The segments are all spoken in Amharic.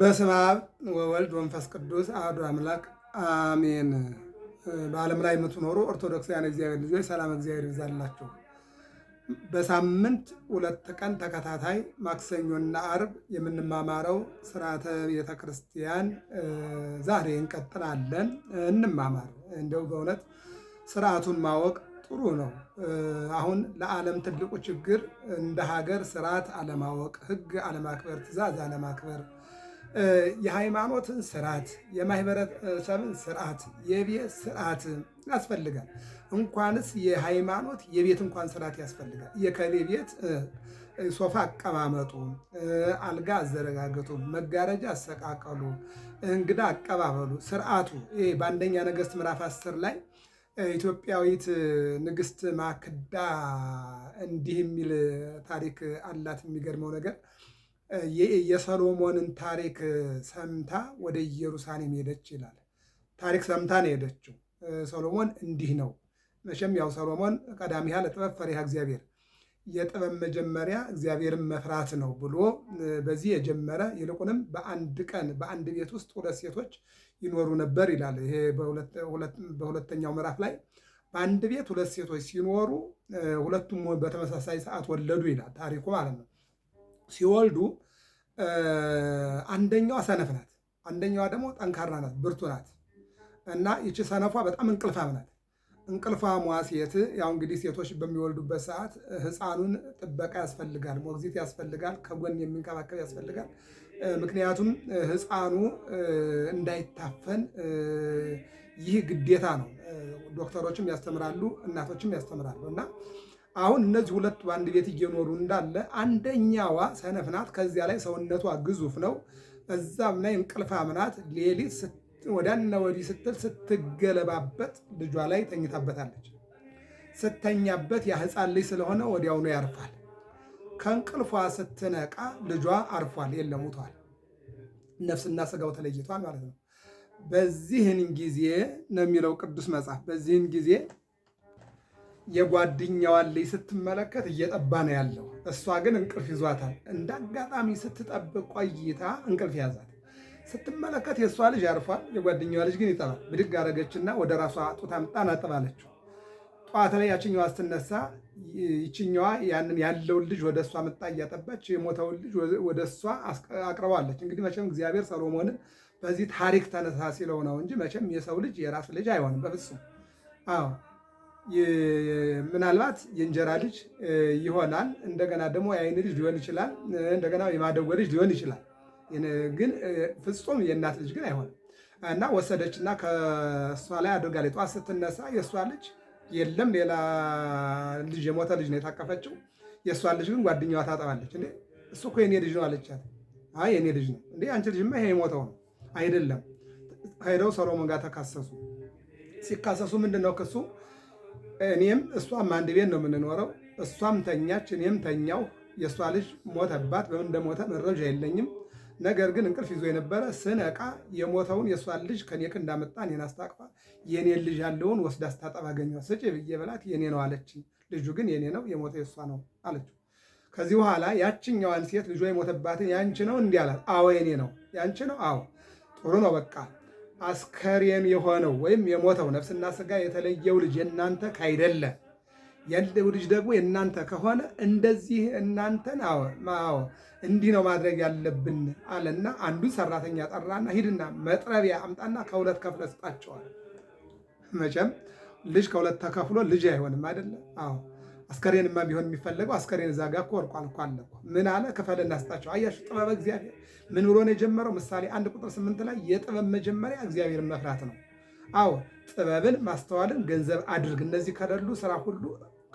በስመ አብ ወወልድ ወንፈስ ቅዱስ አሐዱ አምላክ አሜን። በዓለም ላይ የምትኖሩ ኦርቶዶክሳውያን እግዚአብሔር ልጆች ሰላም እግዚአብሔር ይብዛላችሁ። በሳምንት ሁለት ቀን ተከታታይ ማክሰኞና አርብ የምንማማረው ስርዓተ ቤተ ክርስቲያን ዛሬ እንቀጥላለን። እንማማር እንደው በእውነት ስርዓቱን ማወቅ ጥሩ ነው። አሁን ለዓለም ትልቁ ችግር እንደ ሀገር ስርዓት አለማወቅ፣ ህግ አለማክበር፣ ትእዛዝ አለማክበር የሃይማኖትን ስርዓት፣ የማህበረሰብን ስርዓት፣ የቤት ስርዓት ያስፈልጋል። እንኳንስ የሃይማኖት የቤት እንኳን ስርዓት ያስፈልጋል። የከሌ ቤት ሶፋ አቀማመጡ፣ አልጋ አዘረጋገጡ፣ መጋረጃ አሰቃቀሉ፣ እንግዳ አቀባበሉ፣ ስርዓቱ በአንደኛ ነገስት ምዕራፍ አስር ላይ ኢትዮጵያዊት ንግስት ማክዳ እንዲህ የሚል ታሪክ አላት። የሚገርመው ነገር የሰሎሞንን ታሪክ ሰምታ ወደ ኢየሩሳሌም ሄደች ይላል። ታሪክ ሰምታ ነው ሄደችው። ሰሎሞን እንዲህ ነው መቼም ያው ሰሎሞን ቀዳሚሃ ለጥበብ ፈሪሃ እግዚአብሔር የጥበብ መጀመሪያ እግዚአብሔርን መፍራት ነው ብሎ በዚህ የጀመረ ይልቁንም በአንድ ቀን በአንድ ቤት ውስጥ ሁለት ሴቶች ይኖሩ ነበር ይላል። ይሄ በሁለተኛው ምዕራፍ ላይ በአንድ ቤት ሁለት ሴቶች ሲኖሩ ሁለቱም በተመሳሳይ ሰዓት ወለዱ ይላል ታሪኩ ማለት ነው። ሲወልዱ አንደኛዋ ሰነፍ ናት፣ አንደኛዋ ደግሞ ጠንካራ ናት፣ ብርቱ ናት እና ይቺ ሰነፏ በጣም እንቅልፋም ናት። እንቅልፋሟ ሴት ያው እንግዲህ ሴቶች በሚወልዱበት ሰዓት ሕፃኑን ጥበቃ ያስፈልጋል፣ ሞግዚት ያስፈልጋል፣ ከጎን የሚንከባከብ ያስፈልጋል። ምክንያቱም ሕፃኑ እንዳይታፈን ይህ ግዴታ ነው። ዶክተሮችም ያስተምራሉ፣ እናቶችም ያስተምራሉ እና አሁን እነዚህ ሁለቱ በአንድ ቤት እየኖሩ እንዳለ አንደኛዋ ሰነፍ ናት። ከዚያ ላይ ሰውነቷ ግዙፍ ነው። እዛም ላይ እንቅልፋም ናት። ሌሊት ወዲያና ወዲህ ስትል ስትገለባበት ልጇ ላይ ተኝታበታለች። ስተኛበት ያህፃን ልጅ ስለሆነ ወዲያውኑ ያርፋል። ከእንቅልፏ ስትነቃ ልጇ አርፏል፣ የለም ሙቷል። ነፍስና ስጋው ተለይቷል ማለት ነው። በዚህን ጊዜ ነው የሚለው ቅዱስ መጽሐፍ በዚህን ጊዜ የጓደኛዋን ልጅ ስትመለከት እየጠባ ነው ያለው። እሷ ግን እንቅልፍ ይዟታል። እንደ አጋጣሚ ስትጠብቅ ቆይታ እንቅልፍ ያዛት። ስትመለከት የእሷ ልጅ አርፏል፣ የጓደኛዋ ልጅ ግን ይጠባል። ብድግ አረገችና ወደ ራሷ ጡት አምጣ አጠባለችው። ጠዋት ላይ ያችኛዋ ስትነሳ ይችኛዋ ያንን ያለውን ልጅ ወደ እሷ መጣ እያጠባች የሞተውን ልጅ ወደ እሷ አቅርባለች። እንግዲህ መቼም እግዚአብሔር ሰሎሞንን በዚህ ታሪክ ተነሳ ሲለው ነው እንጂ መቼም የሰው ልጅ የራስ ልጅ አይሆንም በፍጹም። አዎ ምናልባት የእንጀራ ልጅ ይሆናል። እንደገና ደግሞ የአይን ልጅ ሊሆን ይችላል። እንደገና የማደጎ ልጅ ሊሆን ይችላል። ግን ፍጹም የእናት ልጅ ግን አይሆንም እና ወሰደችና ከእሷ ላይ አድርጋ ላይ ጠዋት ስትነሳ የእሷ ልጅ የለም፣ ሌላ ልጅ የሞተ ልጅ ነው የታቀፈችው። የእሷ ልጅ ግን ጓደኛዋ ታጠባለች። እንዴ እሱ እኮ የኔ ልጅ ነው አለቻት። አይ የኔ ልጅ ነው እንዴ አንቺ ልጅማ ይሄ የሞተው ነው አይደለም። ሄደው ሰሎሞን ጋር ተካሰሱ። ሲካሰሱ ምንድን ነው ክሱ? እኔም እሷም አንድ ቤት ነው የምንኖረው። እሷም ተኛች፣ እኔም ተኛው። የእሷ ልጅ ሞተባት። በምን እንደሞተ መረጃ የለኝም። ነገር ግን እንቅልፍ ይዞ የነበረ ስነቃ የሞተውን የእሷን ልጅ ከኔ ቅ እንዳመጣ እኔን አስታቅፋ የኔን ልጅ ያለውን ወስዳ ስታጠብ አገኘው። ስጭ ብዬ በላት የኔ ነው አለችኝ። ልጁ ግን የኔ ነው የሞተ የእሷ ነው አለችው። ከዚህ በኋላ ያችኛዋን ሴት ልጇ የሞተባትን ያንቺ ነው እንዲህ አላት። አዎ የኔ ነው። ያንቺ ነው? አዎ ጥሩ ነው በቃ አስከሬን የሆነው ወይም የሞተው ነፍስና ስጋ የተለየው ልጅ የእናንተ ካይደለ ያለው ልጅ ደግሞ የእናንተ ከሆነ እንደዚህ እናንተን አዎ እንዲህ ነው ማድረግ ያለብን አለና አንዱን ሰራተኛ ጠራና ሂድና መጥረቢያ አምጣና ከሁለት ከፍለ ስጣቸዋል። መቼም ልጅ ከሁለት ተከፍሎ ልጅ አይሆንም አይደለም። አዎ አስከሬንማ ቢሆን የሚፈለገው አስከሬን እዛ ጋ እኮ ወርቋል እኮ አለ ምን አለ ክፈል እናስጣቸው። አያሽ ጥበብ እግዚአብሔር ምን ብሎ ነው የጀመረው? ምሳሌ አንድ ቁጥር ስምንት ላይ የጥበብ መጀመሪያ እግዚአብሔርን መፍራት ነው። አዎ ጥበብን ማስተዋልን ገንዘብ አድርግ፣ እነዚህ ከሌሉ ስራ ሁሉ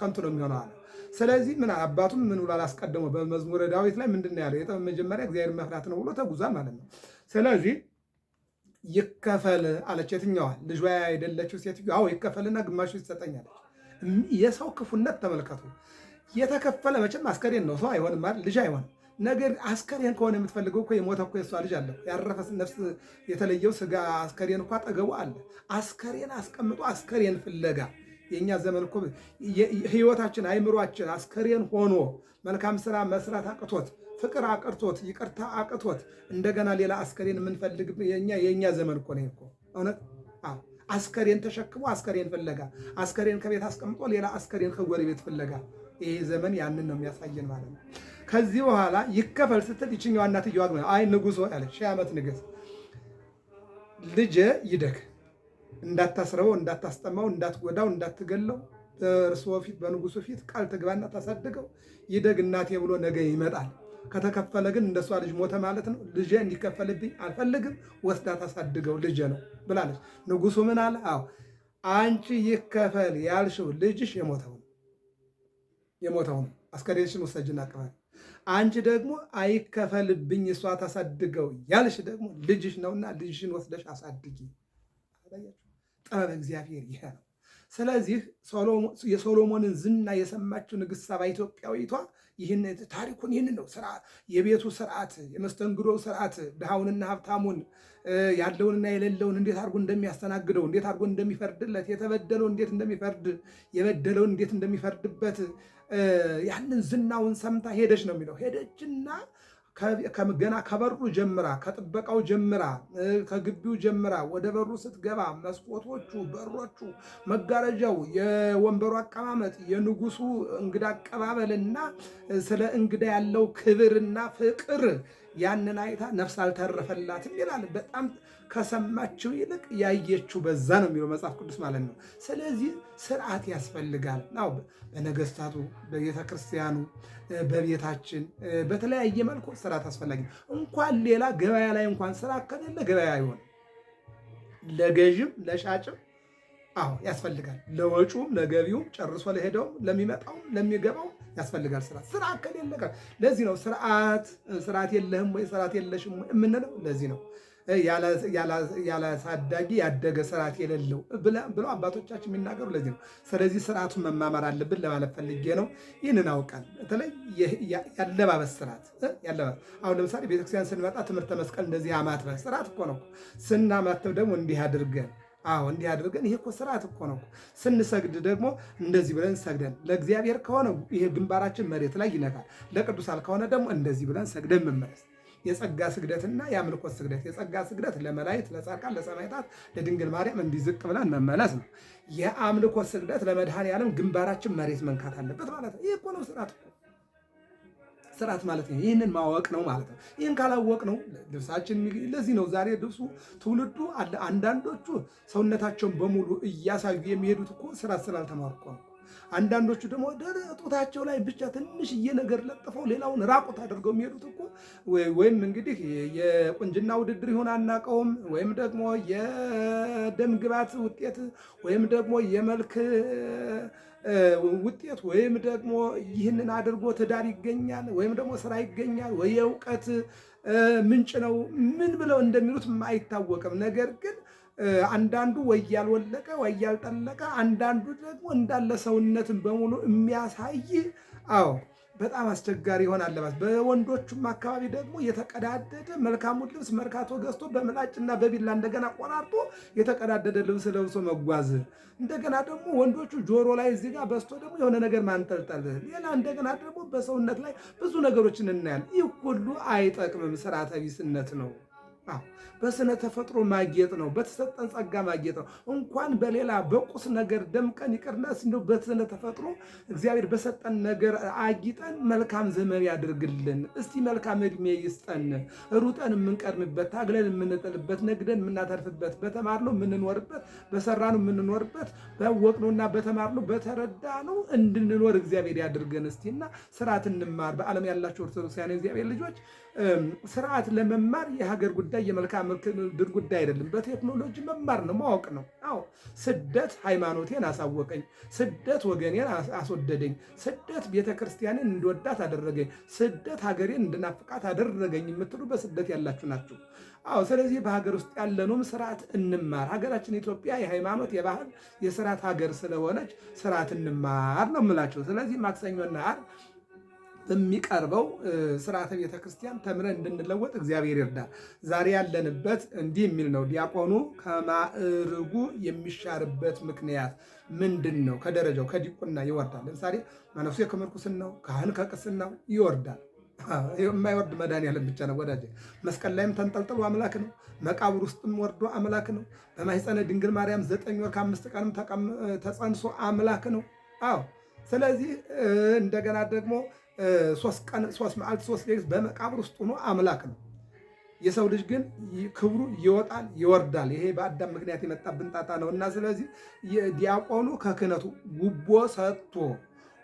ከንቱ ነው የሚሆነው አለ። ስለዚህ ምን አባቱም ምን ብሎ አላስቀደመው። በመዝሙረ ዳዊት ላይ ምንድን ነው ያለው? የጥበብ መጀመሪያ እግዚአብሔር መፍራት ነው ብሎ ተጉዟል ማለት ነው። ስለዚህ ይከፈል አለች። የትኛዋ ልጇ አይደለችው ሴትዮ? አዎ ይከፈልና ግማሹ ይሰጠኛለች የሰው ክፉነት ተመልከቱ። የተከፈለ መቼም አስከሬን ነው፣ ሰው አይሆንም አይደል? ልጅ አይሆንም። ነገር አስከሬን ከሆነ የምትፈልገው እኮ የሞተ እኮ የእሷ ልጅ አለ። ያረፈ ነፍስ የተለየው ስጋ አስከሬን እኮ አጠገቡ አለ። አስከሬን አስቀምጦ አስከሬን ፍለጋ የእኛ ዘመን እኮ ህይወታችን አይምሯችን አስከሬን ሆኖ መልካም ስራ መስራት አቅቶት ፍቅር አቅርቶት ይቅርታ አቅቶት እንደገና ሌላ አስከሬን የምንፈልግ የእኛ ዘመን እኮ ነው እኮ እውነት አስከሬን ተሸክሞ አስከሬን ፍለጋ፣ አስከሬን ከቤት አስቀምጦ ሌላ አስከሬን ከጎረቤት ፍለጋ። ይሄ ዘመን ያንን ነው የሚያሳየን ማለት ነው። ከዚህ በኋላ ይከፈል ስትል ይችኛዋ እናትየዋ አይ ንጉሥ ሆይ ሺህ ዓመት ንግሥት ልጄ ይደግ እንዳታስረበው፣ እንዳታስጠማው፣ እንዳትጎዳው፣ እንዳትገለው በእርስዎ ፊት በንጉሱ ፊት ቃል ትግባና ታሳድገው ይደግ እናቴ ብሎ ነገ ይመጣል። ከተከፈለ ግን እንደሷ ልጅ ሞተ ማለት ነው። ልጄ እንዲከፈልብኝ አልፈልግም፣ ወስዳ ታሳድገው ልጄ ነው ብላለች። ንጉሱ ምን አለ? አዎ አንቺ ይከፈል ያልሽው ልጅሽ የሞተው የሞተው ነው። አስከሬንሽን ውሰጅና አቅበል። አንቺ ደግሞ አይከፈልብኝ እሷ ታሳድገው ያልሽ ደግሞ ልጅሽ ነውና ልጅሽን ወስደሽ አሳድጊ። ጥበብ እግዚአብሔር ይሄ ነው። ስለዚህ የሶሎሞንን ዝና የሰማችው ንግሥት ሳባ ኢትዮጵያዊቷ ይህን ታሪኩን ይህን ነው የቤቱ ስርዓት፣ የመስተንግዶ ስርዓት ድሃውንና ሀብታሙን ያለውንና የሌለውን እንዴት አድርጎ እንደሚያስተናግደው እንዴት አድርጎ እንደሚፈርድለት የተበደለው እንዴት እንደሚፈርድ የበደለውን እንዴት እንደሚፈርድበት ያንን ዝናውን ሰምታ ሄደች ነው የሚለው ሄደችና ከገና ከበሩ ጀምራ ከጥበቃው ጀምራ ከግቢው ጀምራ ወደ በሩ ስትገባ መስኮቶቹ፣ በሮቹ፣ መጋረጃው፣ የወንበሩ አቀማመጥ፣ የንጉሱ እንግዳ አቀባበልና ስለ እንግዳ ያለው ክብርና ፍቅር ያንን አይታ ነፍስ አልተረፈላትም ይላል በጣም ከሰማችው ይልቅ ያየችው በዛ ነው የሚለው መጽሐፍ ቅዱስ ማለት ነው። ስለዚህ ስርዓት ያስፈልጋል። አዎ በነገስታቱ፣ በቤተ ክርስቲያኑ፣ በቤታችን በተለያየ መልኩ ስርዓት አስፈላጊ እንኳን ሌላ ገበያ ላይ እንኳን ስርዓት ከሌለ ገበያ አይሆን፣ ለገዥም ለሻጭም አዎ ያስፈልጋል። ለወጩም ለገቢውም ጨርሶ ለሄደውም ለሚመጣውም ለሚገባው ያስፈልጋል ስርዓት። ስርዓት ከሌለ ለዚህ ነው ስርዓት ስርዓት የለህም ወይ ስርዓት የለሽም የምንለው ለዚህ ነው። ያላሳዳጊ ያደገ ስርዓት የሌለው ብሎ አባቶቻችን የሚናገሩ ለዚህ ነው። ስለዚህ ስርዓቱን መማመር አለብን ለማለት ፈልጌ ነው። ይህንን አውቃል። በተለይ ያለባበስ ስርዓት አሁን ለምሳሌ ቤተክርስቲያን ስንመጣ ትምህርተ መስቀል እንደዚህ አማትበህ ስርዓት እኮ ነው። ስናማትብ ደግሞ እንዲህ አድርገን አዎ እንዲህ አድርገን ይሄ እኮ ስርዓት እኮ ነው። ስንሰግድ ደግሞ እንደዚህ ብለን ሰግደን ለእግዚአብሔር ከሆነ ይሄ ግንባራችን መሬት ላይ ይነካል። ለቅዱሳል ከሆነ ደግሞ እንደዚህ ብለን ሰግደን መመለስ የጸጋ ስግደትና የአምልኮት ስግደት። የጸጋ ስግደት ለመላእክት፣ ለጻድቃን፣ ለሰማዕታት፣ ለድንግል ማርያም እንዲዝቅ ብለን መመለስ ነው። የአምልኮ ስግደት ለመድኃኔ ዓለም ግንባራችን መሬት መንካት አለበት ማለት ነው። ይህ እኮ ነው ስርዓት። ስርዓት ማለት ነው ይህንን ማወቅ ነው ማለት ነው። ይህን ካላወቅ ነው ልብሳችን። ለዚህ ነው ዛሬ ልብሱ ትውልዱ አንዳንዶቹ ሰውነታቸውን በሙሉ እያሳዩ የሚሄዱት እኮ ስርዓት ስላልተማሩ ነው። አንዳንዶቹ ደግሞ ጡታቸው ላይ ብቻ ትንሽዬ ነገር ለጥፈው ሌላውን ራቁት አድርገው የሚሄዱት እኮ ወይም እንግዲህ የቁንጅና ውድድር ይሆን አናውቀውም፣ ወይም ደግሞ የደም ግባት ውጤት ወይም ደግሞ የመልክ ውጤት ወይም ደግሞ ይህንን አድርጎ ትዳር ይገኛል ወይም ደግሞ ስራ ይገኛል ወይ የእውቀት ምንጭ ነው ምን ብለው እንደሚሉት አይታወቅም። ነገር ግን አንዳንዱ ወይ ያልወለቀ ወይ ያልጠለቀ፣ አንዳንዱ ደግሞ እንዳለ ሰውነትን በሙሉ የሚያሳይ አዎ፣ በጣም አስቸጋሪ ይሆን አለባበስ። በወንዶቹም አካባቢ ደግሞ የተቀዳደደ መልካሙ ልብስ መርካቶ ገዝቶ በምላጭና በቢላ እንደገና ቆራርጦ የተቀዳደደ ልብስ ለብሶ መጓዝ። እንደገና ደግሞ ወንዶቹ ጆሮ ላይ እዚህ ጋር በስቶ ደግሞ የሆነ ነገር ማንጠልጠል፣ ሌላ እንደገና ደግሞ በሰውነት ላይ ብዙ ነገሮችን እናያል። ይህ ሁሉ አይጠቅምም፣ ስርዓተ ቢስነት ነው። በስነ ተፈጥሮ ማጌጥ ነው። በተሰጠን ጸጋ ማጌጥ ነው። እንኳን በሌላ በቁስ ነገር ደምቀን ይቅርና እንደው በስነ ተፈጥሮ እግዚአብሔር በሰጠን ነገር አጊጠን መልካም ዘመን ያድርግልን። እስቲ መልካም እድሜ ይስጠን። ሩጠን የምንቀድምበት፣ ታግለን የምንጥልበት፣ ነግደን የምናተርፍበት፣ በተማርነው የምንኖርበት፣ በሰራነው የምንኖርበት፣ ባወቅነውና በተማርነው በተረዳነው እንድንኖር እግዚአብሔር ያድርገን። እስቲና ስርዓት እንማር። በዓለም ያላቸው ኦርቶዶክሳውያን እግዚአብሔር ልጆች ስርዓት ለመማር የሀገር ጉዳይ ጉዳይ የመልካም ምድር ጉዳይ አይደለም። በቴክኖሎጂ መማር ነው፣ ማወቅ ነው። አዎ ስደት ሃይማኖቴን አሳወቀኝ። ስደት ወገኔን አስወደደኝ። ስደት ቤተክርስቲያንን እንድወዳት አደረገኝ። ስደት ሀገሬን እንድናፍቃት አደረገኝ የምትሉ በስደት ያላችሁ ናችሁ። አዎ ስለዚህ በሀገር ውስጥ ያለነውም ስርዓት እንማር። ሀገራችን ኢትዮጵያ የሃይማኖት የባህል፣ የስርዓት ሀገር ስለሆነች ስርዓት እንማር ነው የምላቸው። ስለዚህ ማክሰኞና ዓርብ በሚቀርበው ስርዓተ ቤተ ክርስቲያን ተምረን እንድንለወጥ እግዚአብሔር ይርዳል። ዛሬ ያለንበት እንዲህ የሚል ነው። ዲያቆኑ ከማዕርጉ የሚሻርበት ምክንያት ምንድን ነው? ከደረጃው ከዲቁና ይወርዳል። ለምሳሌ መነኩሴ ከምርኩስናው፣ ካህን ከቅስናው ይወርዳል። የማይወርድ መድኃኒዓለም ብቻ ነው ወዳጅ። መስቀል ላይም ተንጠልጥሎ አምላክ ነው። መቃብር ውስጥም ወርዶ አምላክ ነው። በማኅፀነ ድንግል ማርያም ዘጠኝ ወር ከአምስት ቀንም ተጸንሶ አምላክ ነው። አዎ። ስለዚህ እንደገና ደግሞ ሶስት ቀን ሶስት መዓልት ሶስት ሌሊት በመቃብር ውስጥ ሆኖ አምላክ ነው። የሰው ልጅ ግን ክብሩ ይወጣል ይወርዳል። ይሄ በአዳም ምክንያት የመጣብን ጣጣ ነው እና ስለዚህ ዲያቆኑ ከክህነቱ ጉቦ ሰጥቶ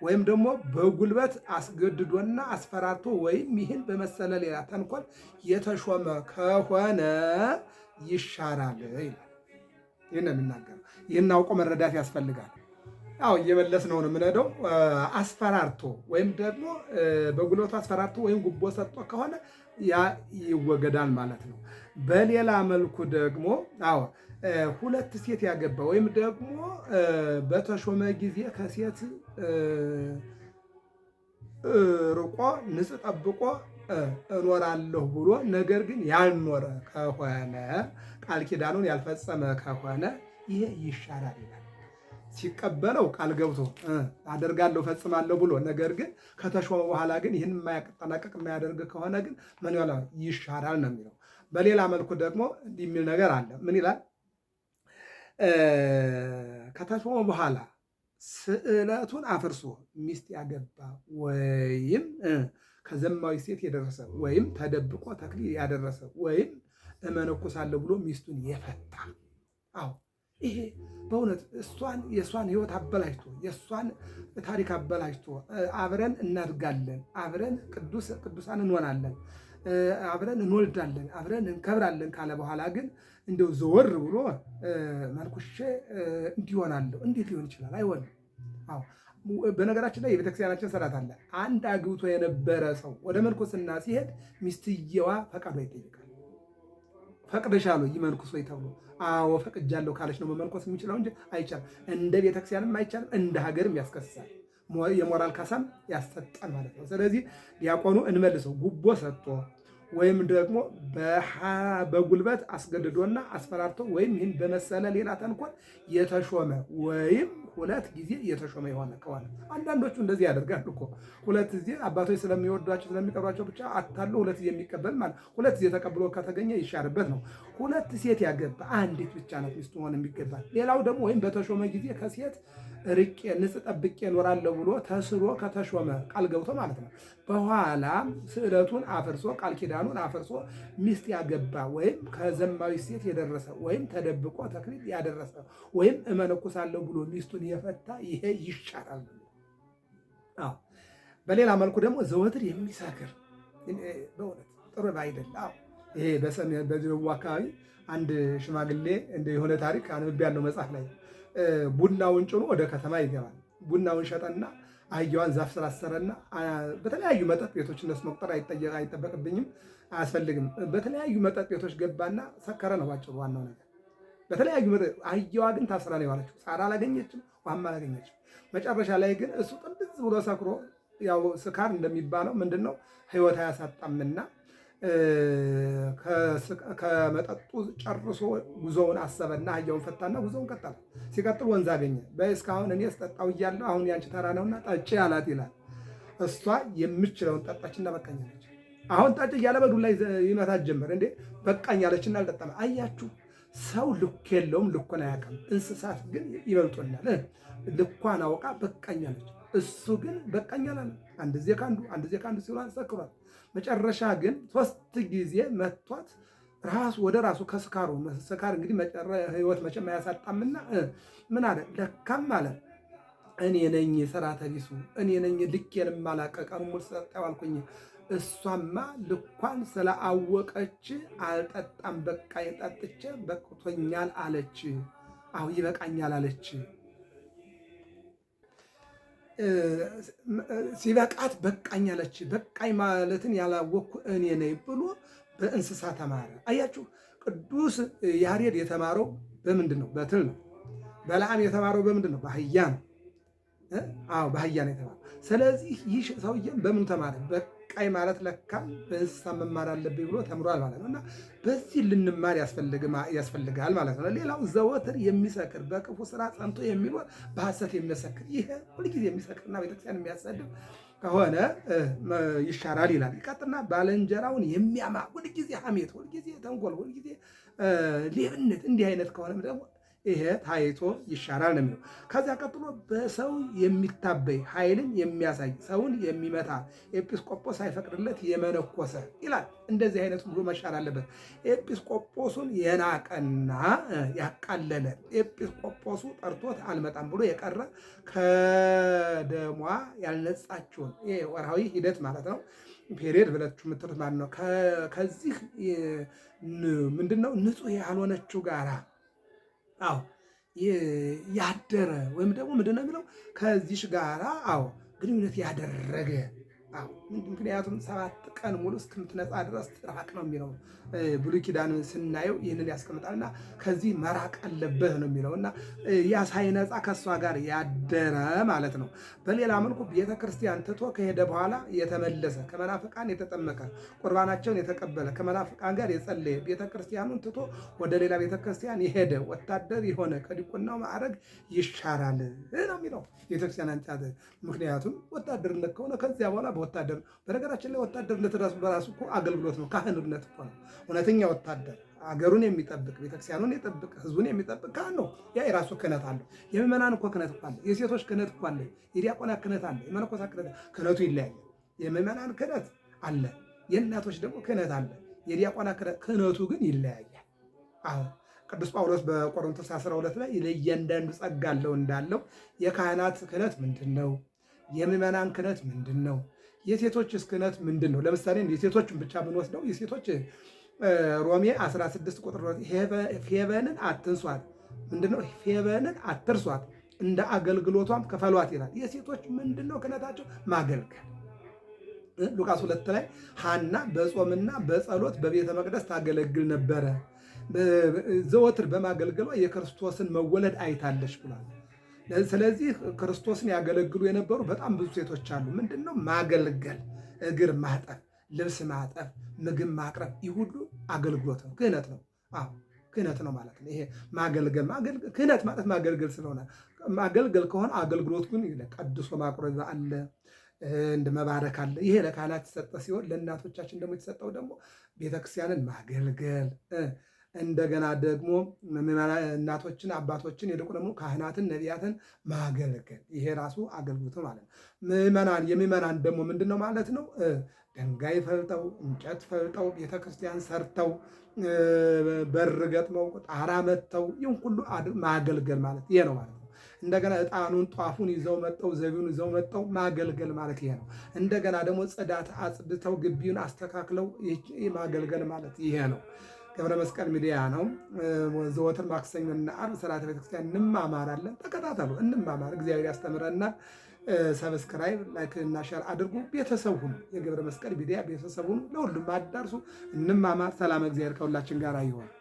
ወይም ደግሞ በጉልበት አስገድዶና አስፈራርቶ ወይም ይህን በመሰለ ሌላ ተንኮል የተሾመ ከሆነ ይሻራል ይላል። ይህን ይህን አውቆ መረዳት ያስፈልጋል። አዎ እየመለስ ነው ነው የምንሄደው። አስፈራርቶ ወይም ደግሞ በጉልበቱ አስፈራርቶ ወይም ጉቦ ሰጥቶ ከሆነ ያ ይወገዳል ማለት ነው። በሌላ መልኩ ደግሞ አዎ ሁለት ሴት ያገባ ወይም ደግሞ በተሾመ ጊዜ ከሴት ርቆ ንጽ ጠብቆ እኖራለሁ ብሎ ነገር ግን ያልኖረ ከሆነ ቃል ኪዳኑን ያልፈጸመ ከሆነ ይሄ ይሻራል ይላል። ሲቀበለው ቃል ገብቶ አደርጋለሁ ፈጽማለሁ ብሎ ነገር ግን ከተሾመ በኋላ ግን ይህን የማያጠናቀቅ የማያደርግ ከሆነ ግን ምን ይላ ይሻራል ነው የሚለው። በሌላ መልኩ ደግሞ እንዲህ የሚል ነገር አለ። ምን ይላል? ከተሾመ በኋላ ስዕለቱን አፍርሶ ሚስት ያገባ ወይም ከዘማዊ ሴት የደረሰ ወይም ተደብቆ ተክሊል ያደረሰ ወይም እመነኩሳለሁ ብሎ ሚስቱን የፈታ አዎ ይሄ በእውነት እሷን የእሷን ህይወት አበላሽቶ የእሷን ታሪክ አበላሽቶ አብረን እናድጋለን፣ አብረን ቅዱስ ቅዱሳን እንሆናለን፣ አብረን እንወልዳለን፣ አብረን እንከብራለን ካለ በኋላ ግን እንደው ዘወር ብሎ መልኩሼ እንዲሆናለሁ እንዴት ሊሆን ይችላል? አይሆንም። አዎ በነገራችን ላይ የቤተክርስቲያናችን ስርዓት አለ። አንድ አግብቶ የነበረ ሰው ወደ መልኮስና ሲሄድ ሚስትየዋ ፈቃዷ ይጠይቃል። ፈቅደሻል ወይ ይመንኩስ ወይ ተብሎ፣ አዎ ፈቅጃለሁ ካለች ነው መመንኮስ የሚችለው እንጂ አይቻልም። እንደ ቤተክርስቲያንም አይቻልም፣ እንደ ሀገርም ያስከስሳል። የሞራል ካሳም ያሰጣል ማለት ነው። ስለዚህ ዲያቆኑ እንመልሰው ጉቦ ሰጥቶ ወይም ደግሞ በጉልበት አስገድዶና አስፈራርቶ ወይም ይህን በመሰለ ሌላ ተንኮል የተሾመ ወይም ሁለት ጊዜ የተሾመ የሆነ ከሆነ አንዳንዶቹ እንደዚህ ያደርጋሉ እኮ ሁለት ጊዜ አባቶች ስለሚወዷቸው ስለሚቀሯቸው ብቻ አታሉ ሁለት ጊዜ የሚቀበል ማለት ሁለት ጊዜ ተቀብሎ ከተገኘ ይሻርበት ነው። ሁለት ሴት ያገባ አንዲት ብቻ ናት ሚስቱ ሆነ የሚገባል። ሌላው ደግሞ ወይም በተሾመ ጊዜ ከሴት ርቄ ንጽህ ጠብቄ እኖራለሁ ብሎ ተስሮ ከተሾመ ቃል ገብቶ ማለት ነው። በኋላ ስዕለቱን አፍርሶ ቃል ኪዳ ድንኳኑን አፈርሶ ሚስት ያገባ ወይም ከዘማዊ ሴት የደረሰ ወይም ተደብቆ ተክሊል ያደረሰ ወይም እመነኩሳለሁ ብሎ ሚስቱን የፈታ ይሄ ይሻላል። አዎ በሌላ መልኩ ደግሞ ዘወትር የሚሰክር በእውነት ጥሩ አይደለም። ይሄ በሰሜን አካባቢ አንድ ሽማግሌ እንደ የሆነ ታሪክ አንብቤያለሁ መጽሐፍ ላይ ቡናውን ጭኖ ወደ ከተማ ይገባል። ቡናውን ሸጠና አህያዋን ዛፍ ስር አሰረና በተለያዩ መጠጥ ቤቶች እነሱ መቁጠር አይጠበቅብኝም፣ አያስፈልግም። በተለያዩ መጠጥ ቤቶች ገባና ሰከረ ነው ባጭሩ፣ ዋናው ነገር በተለያዩ አህያዋ ግን ታስራ ነው የዋለችው። ጻራ አላገኘችም፣ ውሃም አላገኘችም። መጨረሻ ላይ ግን እሱ ጥብዝ ብሎ ሰክሮ ያው ስካር እንደሚባለው ምንድን ነው ህይወት አያሳጣምና ከመጠጡ ጨርሶ ጉዞውን አሰበና አህያውን ፈታና ጉዞውን ቀጠለ። ሲቀጥል ወንዝ አገኘ። በእስካሁን እኔ ስጠጣው እያለሁ አሁን ያንቺ ተራ ነውና ጠጪ አላት ይላል። እሷ የምችለውን ጠጣችና በቃኝ አለች። አሁን ጠጪ እያለ በዱላ ይመታት ጀመር። እንዴ በቃኝ አለችና አልጠጣም። አያችሁ ሰው ልክ የለውም፣ ልኩን አያውቅም። እንስሳት ግን ይበልጡናል። ልኳን አውቃ በቃኝ አለች። እሱ ግን በቃኝ አላለም። አንድ ዜ ከአንዱ አንድ ዜ ከአንዱ ሲሆን አንሰክሯል። መጨረሻ ግን ሶስት ጊዜ መቷት ራሱ ወደ ራሱ ከስካሩ ስካር እንግዲህ መጨረ ህይወት መቼም አያሳጣምና ምን አለ ለካም አለ እኔ ነኝ ስርዓተ ቢሱ እኔ ነኝ ልኬን የማላቀቀም ሙል ሰጠ ዋልኩኝ እሷማ ልኳን ስለአወቀች አልጠጣም በቃ የጠጥቼ በቅቶኛል አለች። አሁ ይበቃኛል አለች። ሲበቃት በቃኝ አለች። በቃኝ ማለትን ያላወቅኩ እኔ ነኝ ብሎ በእንስሳ ተማረ። አያችሁ ቅዱስ ያሬድ የተማረው በምንድን ነው? በትል ነው። በለዓም የተማረው በምንድን ነው? በአህያ ነው። አዎ በአህያ ነው የተማረው። ስለዚህ ይህ ሰውዬም በምን ተማረ? ቀይ ማለት ለካ በእንስሳ መማር አለብኝ ብሎ ተምሯል ማለት ነው። እና በዚህ ልንማር ያስፈልጋል ማለት ነው። ሌላው ዘወትር የሚሰክር በክፉ ስራ ጸንቶ የሚኖር በሐሰት የሚሰክር ይህ ሁልጊዜ የሚሰክርና ቤተክርስቲያን የሚያሰድብ ከሆነ ይሻራል ይላል። ይቀጥና ባለንጀራውን የሚያማ ሁልጊዜ ሐሜት፣ ሁልጊዜ ተንኮል፣ ሁልጊዜ ሌብነት እንዲህ አይነት ከሆነ ደግሞ ይሄ ታይቶ ይሻራል ነው የሚለው። ከዚያ ቀጥሎ በሰው የሚታበይ ኃይልን የሚያሳይ ሰውን የሚመታ ኤጲስቆጶስ ሳይፈቅድለት የመነኮሰ ይላል። እንደዚህ አይነት ሁሉ መሻር አለበት። ኤጲስቆጶሱን የናቀና ያቃለለ ኤጲስቆጶሱ ጠርቶት አልመጣም ብሎ የቀረ ከደሟ ያልነጻችውን ወርሃዊ ሂደት ማለት ነው ፔሪየድ ብላችሁ የምትሉት ማለት ነው። ከዚህ ምንድነው ንጹህ ያልሆነችው ጋራ አዎ ያደረ ወይም ደግሞ ምንድን ነው የሚለው ከዚሽ ጋራ አዎ ግንኙነት ያደረገ አዎ ምክንያቱም ሰባት ቀን ሙሉ እስክምትነጻ ድረስ ራቅ ነው የሚለው ብሉይ ኪዳን ስናየው ይህንን ያስቀምጣል እና ከዚህ መራቅ አለብህ ነው የሚለው እና ያ ሳይነጻ ከእሷ ጋር ያደረ ማለት ነው። በሌላ መልኩ ቤተክርስቲያን ትቶ ከሄደ በኋላ የተመለሰ ከመናፍቃን የተጠመቀ ቁርባናቸውን የተቀበለ ከመናፍቃን ጋር የጸለየ ቤተክርስቲያኑን ትቶ ወደ ሌላ ቤተክርስቲያን የሄደ ወታደር የሆነ ከዲቁናው ማዕረግ ይሻራል ነው የሚለው ቤተክርስቲያን አንጻት ምክንያቱም ወታደርነት ከሆነ ከዚያ በኋላ በወታደር ነው። በነገራችን ላይ ወታደርነት ራሱ በራሱ እኮ አገልግሎት ነው፣ ካህንነት እኮ ነው። እውነተኛ ወታደር አገሩን የሚጠብቅ ቤተክርስቲያኑን የጠብቅ ህዝቡን የሚጠብቅ ካህን ነው። ያ የራሱ ክህነት አለው። የምዕመናን እኮ ክህነት እኮ አለ። የሴቶች ክህነት እኮ አለ። የዲያቆና ክህነት አለ። የመነኮሳት ክህነት ክህነቱ ይለያያል። የምዕመናን ክህነት አለ። የእናቶች ደግሞ ክህነት አለ። የዲያቆናት ክህነቱ ግን ይለያያል። አሁን ቅዱስ ጳውሎስ በቆሮንቶስ 12 ላይ ለእያንዳንዱ ጸጋ አለው እንዳለው የካህናት ክህነት ምንድን ነው? የምመናን ክህነት ምንድን ነው? የሴቶች ስክነት ምንድን ነው? ለምሳሌ የሴቶችን ብቻ ብንወስደው የሴቶች ሮሜ 16 ቁጥር ፌበንን አትንሷት፣ ምንድነው ፌበንን አትርሷት፣ እንደ አገልግሎቷም ክፈሏት ይላል። የሴቶች ምንድነው ክነታቸው? ማገልገል። ሉቃስ ሁለት ላይ ሀና በጾምና በጸሎት በቤተ መቅደስ ታገለግል ነበረ፣ ዘወትር በማገልገሏ የክርስቶስን መወለድ አይታለች ብሏል። ስለዚህ ክርስቶስን ያገለግሉ የነበሩ በጣም ብዙ ሴቶች አሉ። ምንድነው ማገልገል፣ እግር ማጠብ፣ ልብስ ማጠብ፣ ምግብ ማቅረብ፣ ይህ ሁሉ አገልግሎት ነው፣ ክህነት ነው። አዎ ክህነት ነው ማለት ነው። ይሄ ማገልገል ክህነት ማለት ማገልገል ስለሆነ ማገልገል ከሆነ አገልግሎት ግን ቀድሶ ማቁረብ አለ እንደ መባረክ አለ። ይሄ ለካህናት የተሰጠ ሲሆን ለእናቶቻችን ደግሞ የተሰጠው ደግሞ ቤተክርስቲያንን ማገልገል እንደገና ደግሞ እናቶችን፣ አባቶችን ይልቁ ደግሞ ካህናትን፣ ነቢያትን ማገልገል ይሄ ራሱ አገልግሎት ማለት ነው። ምዕመናን የሚመናን ደግሞ ምንድን ነው ማለት ነው? ድንጋይ ፈልጠው እንጨት ፈልጠው ቤተክርስቲያን ሰርተው በር ገጥመው ጣራ መጥተው ይህን ሁሉ ማገልገል ማለት ይሄ ነው ማለት ነው። እንደገና ዕጣኑን ጧፉን ይዘው መጠው ዘቢውን ይዘው መጠው ማገልገል ማለት ይሄ ነው። እንደገና ደግሞ ጽዳት አጽድተው ግቢውን አስተካክለው ማገልገል ማለት ይሄ ነው። ገብረ መስቀል ሚዲያ ነው። ዘወትር ማክሰኞና ዓርብ ስርዓተ ቤተክርስቲያን እንማማራለን። ተከታተሉ፣ እንማማር። እግዚአብሔር ያስተምረና። ሰብስክራይብ፣ ላይክ እና ሸር አድርጉ። ቤተሰብ ሁኑ። የገብረ መስቀል ሚዲያ ቤተሰብ ሁኑ። ለሁሉም አዳርሱ። እንማማር። ሰላም እግዚአብሔር ከሁላችን ጋር ይሆን።